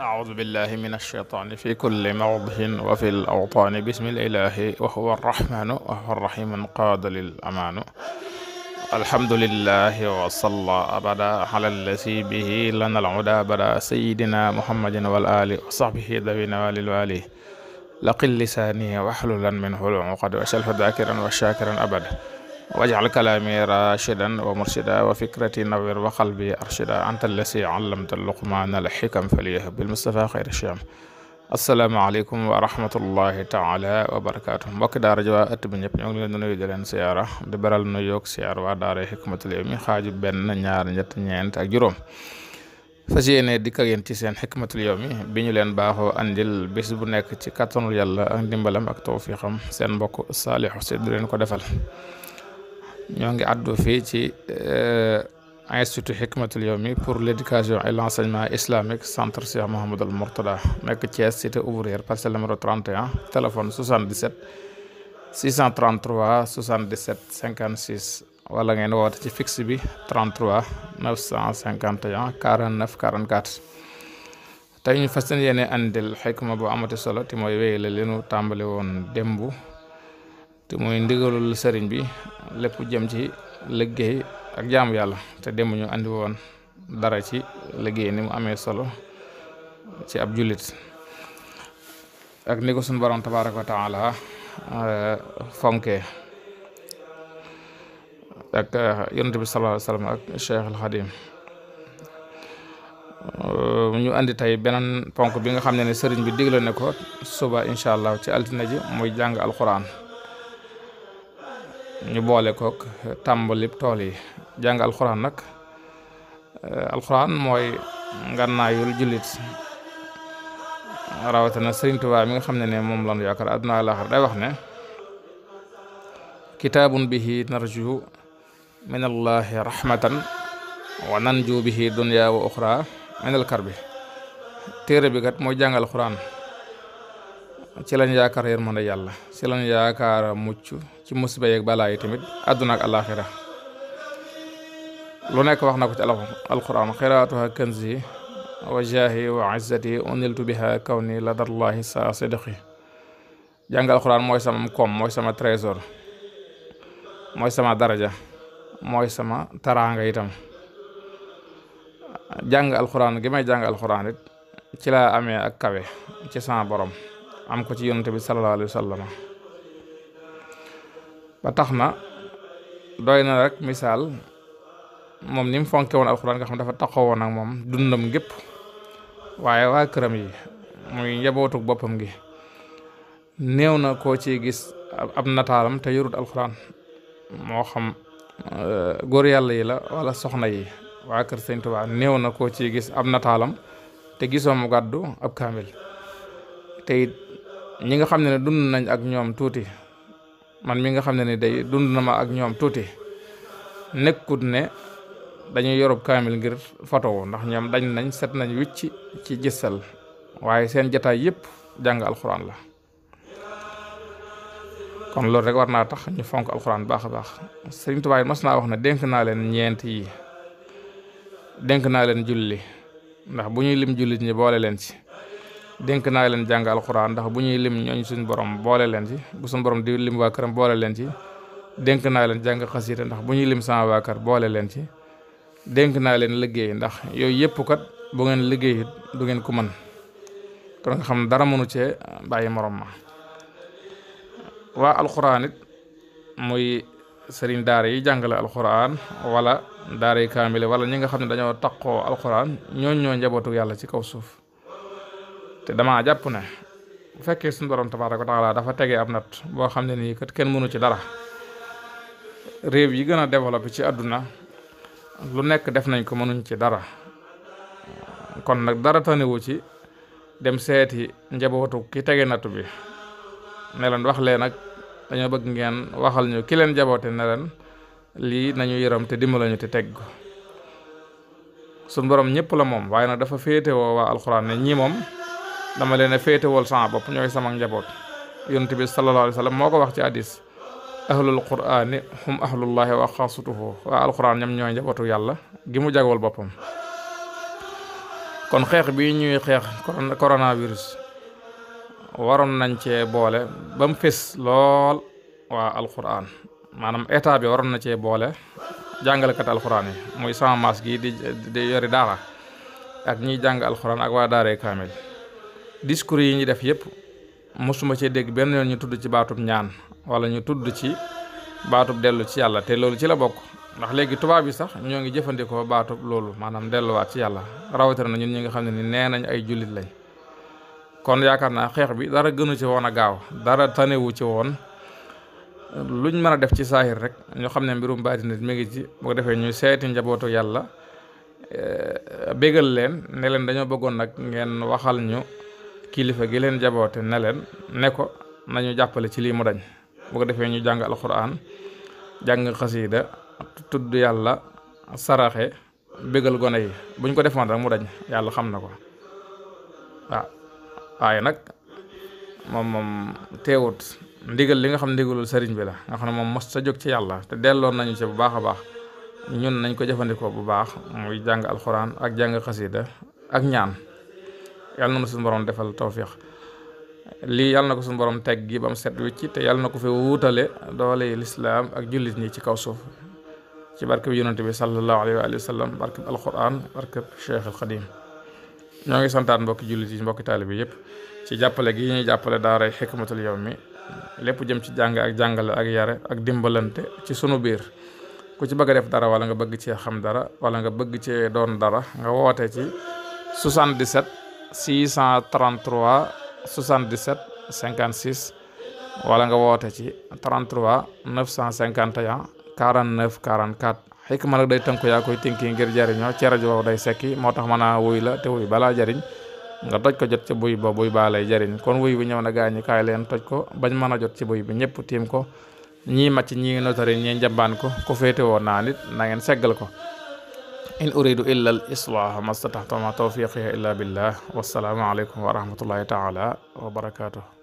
أعوذ بالله من الشيطان في كل موضع وفي الأوطان بسم الإله وهو الرحمن وهو الرحيم قاد للأمان الحمد لله وصلى أبدا على الذي به لنا العدا بدا سيدنا محمد والآل وصحبه ذوي نوال الوالي لقل لساني وحللا منه العقد وأسأله ذاكرا وشاكرا أبدا wajal kalaami rashidan wa murshida wa fikrati nawir wa qalbi arshida anta allasi allamta luqmaana alxikam faliyah bil mustafa xayr sham asalaamaaleykum wa rahmatullahi taala wa barakaatu mbokki daara ji waa ëtt bi ñëpp ñoo ngi leen di nuyu di leen siyaara di beral nu yoog siyaar benn ñaar ñett ñeent ak juróom fas yéene dikk ak yéen ci seen xikmatul yawmi bi ñu leen baaxoo andil bis bu nekk ci kattanul yàlla ak ndimbalam ak tawfiqam seen mbokk saalixu si leen ko defal ñoo ngi àddu fii ci euh, institut Hikmatul Yawmi pour l'éducation et l'enseignement islamique centre Cheikh Mouhamadoul Mourtada nekk Thiès cité ouvrière parcelle numéro 31 téléphone 77 633 77 56 wala ngeen woote ci fixe bi 33 951 49 44 tey ñu fas yéene andil xikma bu amati solo te mooy wéyale li nu tàmbali woon démb te mooy ndigalul sëriñ bi lépp jëm ci liggéey ak jaamu yàlla te dem ñu andi woon dara ci liggéey ni mu amee solo ci ab jullit ak ni ko suñu borom tabaaraka wa taala eh, fonke ak eh, yonent bi sallallaahu alayhi ak Cheikh al Xadim eh, ñu andi tey beneen ponk bi nga xam ne ne sëriñ bi digle ne ko suba incha allah ci altine ji mooy jàng alquran ñu boole kook tàmbalib tool yi jàng alxuraan nag eh, alxuraan mooy ngànnaayul jullit rawatina Sëriñ mi nga xam ne ne moom lañu yaakaar àdduna àllaaxira day wax ne kitaabun bihi narju min allahi rahmatan wa nanju bihi dunya wa uxra min alkarbi téere bi kat mooy jàngal alxuraan ci lañ yaakaar yërmande yàlla ci lañ yaakaar mucc ci musiba yeeg balaa tamit àdduna ak àllaaxira lu nekk wax na ko ci alquran xiraatuha kanzi wa jaahi wa izzati uniltu biha kawni ladallahi sa sidqi jàng alquran mooy sama koom mooy sama daraja mooy sama taraanga itam jàng alxuraan gi may jàng alxuraan ci laa amee ak kawe ci sama borom am ko ci yonent bi sallallahu alayhi wa ba tax na doy na rek misaal moom ni mu fonke woon alxuraan nga xam dafa taxawoon ak moom dundam gépp waaye waa këram yi muy njabootuk boppam gi néew na koo ci gis ab nataalam te yorut alxuraan moo xam euh, góor yàlla yi la wala soxna yi waa kër sëñ Tuubaa na koo ci gis ab nataalam te gisoo gàddu ab kaamil te ñi nga xam ne dund nañ ak ñoom tuuti man mi nga xam ne ni day dund na ma ak ñoom tuuti nekkut ne dañuy yorub kaamil ngir fotowu ndax ñoom dañ nañ set nañ wicc ci gisal waaye seen jataay yëpp jàng alxuraan la kon loolu rek war naa tax ñu fonk alxuraan baax a baax Sëriñ Tuubaa mas naa wax ne dénk naa leen ñeent yi dénk naa leen julli ndax bu ñuy lim jullit ñi boole leen ci denk naa leen jàng alxuraan ndax bu ñuy lim ñooñu suñu borom boole leen ci bu suñu borom di lim waa këram boole leen ci denk naa leen jàng xasida ndax bu ñuy lim sama waa boole leen ci denk naa leen liggéey ndax yooyu yëpp kat bu ngeen liggéey du ngeen ko mën kon nga xam dara mënu cee bàyyi morom ma waa alxuraan muy sëriñ daar yi jàngale alxuraan wala daara yi kaamile wala ñi nga xam ne dañoo taqoo alxuraan ñooñ njabootu yàlla ci kaw suuf te damaa jàpp ne bu fekkee suñu borom tabaaraka wa taala dafa tegee ab nat boo xam ne nii kat kenn mënu ci dara réew yi gën a développé ci àdduna lu nekk def nañ ko mënuñ ci dara kon nag dara tanewu ci dem seeti njabootu ki tege nattu bi ne leen wax leen nag dañoo bëgg ngeen waxal ñu ki leen njaboote ne leen lii nañu yërëm te dimbala ñu te teg ko suñ borom ñëpp la moom waaye nag dafa féete woo waa alxuraan ne ñii moom dama leen a féetewal sama bopp ñooy sama njaboot yonent bi sallallahu alayhi moo ko wax ci hadis ahlul qur'ani hum ahlullahi wa xaasatuhu waa alquran ñoom ñooy njabootu yàlla gi mu jagwal boppam kon xeex bi ñuy xeex coronavirus waroon nañ cee boole ba mu fés lool waa alquran maanaam état bi waroon na cee boole jàngalekat alquran yi muy sama maas gi di di yori daara ak ñiy jàng alquran ak waa daaree kaamil discours yi ñu def yëpp mosuma cee dégg benn yoon ñu tudd ci baatub ñaan wala ñu tudd ci baatub dellu ci yàlla te loolu ci la bokk ndax léegi tubaab yi sax ñoo ngi jëfandikoo baatub loolu maanaam delluwaat ci yàlla rawatina na ñun ñi nga xam ne ni nee nañ ay jullit lañ kon yaakaar naa xeex bi dara gënu ci woon a gaaw dara tanewu ci woon luñ mën a def ci saahir rek ñu xam ne mbirum baati nit mi ngi ci bu defee ñuy seeti njabootu yàlla eh, bégal leen ne leen dañoo bëggoon nag ngeen waxal ñu kilifa gi leen jaboote ne leen ne ko nañu jàppale ci lii mu dañ bu ko defee ñu jàng alxuraan jàng xasiida tudd yàlla saraxe bégal gone yi buñ ko defoon rek mu dañ yàlla xam na ko waaw waaye nag moom moom teewut ndigal li nga xam ndigalul sëriñ bi la nga xam ne moom mos sa jóg ci yàlla te delloon nañu ci bu baax a baax ñun nañ ko jëfandikoo bu baax muy jàng alxuraan ak jàng xasiida ak ñaan yàlla na nu suñu borom defal tawfiix lii yàlla na ko suñu borom teg gi ba mu set wicc te yàlla na ko fi wuutale doole yi lislaam ak jullit ñi ci kaw suuf ci barkeb yonante bi sallallahu alayhi wa alihi wa sallam barkeb alquran barkeb cheikh al xadim ñoo ngi santaat mbokki jullit yi mbokki taalibe yëpp ci jàppale gi ñuy jàppale daaray xikmatul mi lépp jëm ci jàng ak jàngale ak yare ak dimbalante ci sunu biir ku ci bëgg a def dara wala nga bëgg cee xam dara wala nga bëgg cee doon dara ci 77 633 77 56 wala nga woote ci 33 951 49 44 xikma nag day tënku yaa koy tënki ngir jariñoo ci rajo boobu day sekki moo tax mën a wuy la te wuy balaa jariñ nga toj ko jot ci buy ba buy baa lay jariñ kon wuy bi ñëw na gaañi kaay leen toj ko bañ mën a jot ci buy bi ñëpp tiim ko ñii màcc ñii notari ñii njambaan ko ku féete woon naa nit nangeen ngeen seggal ko in uridu illa al islaaha ma stataxtama tawfiqihi illa billah wassalaamu aleykum wa rahmatullahi taala wa barakatuh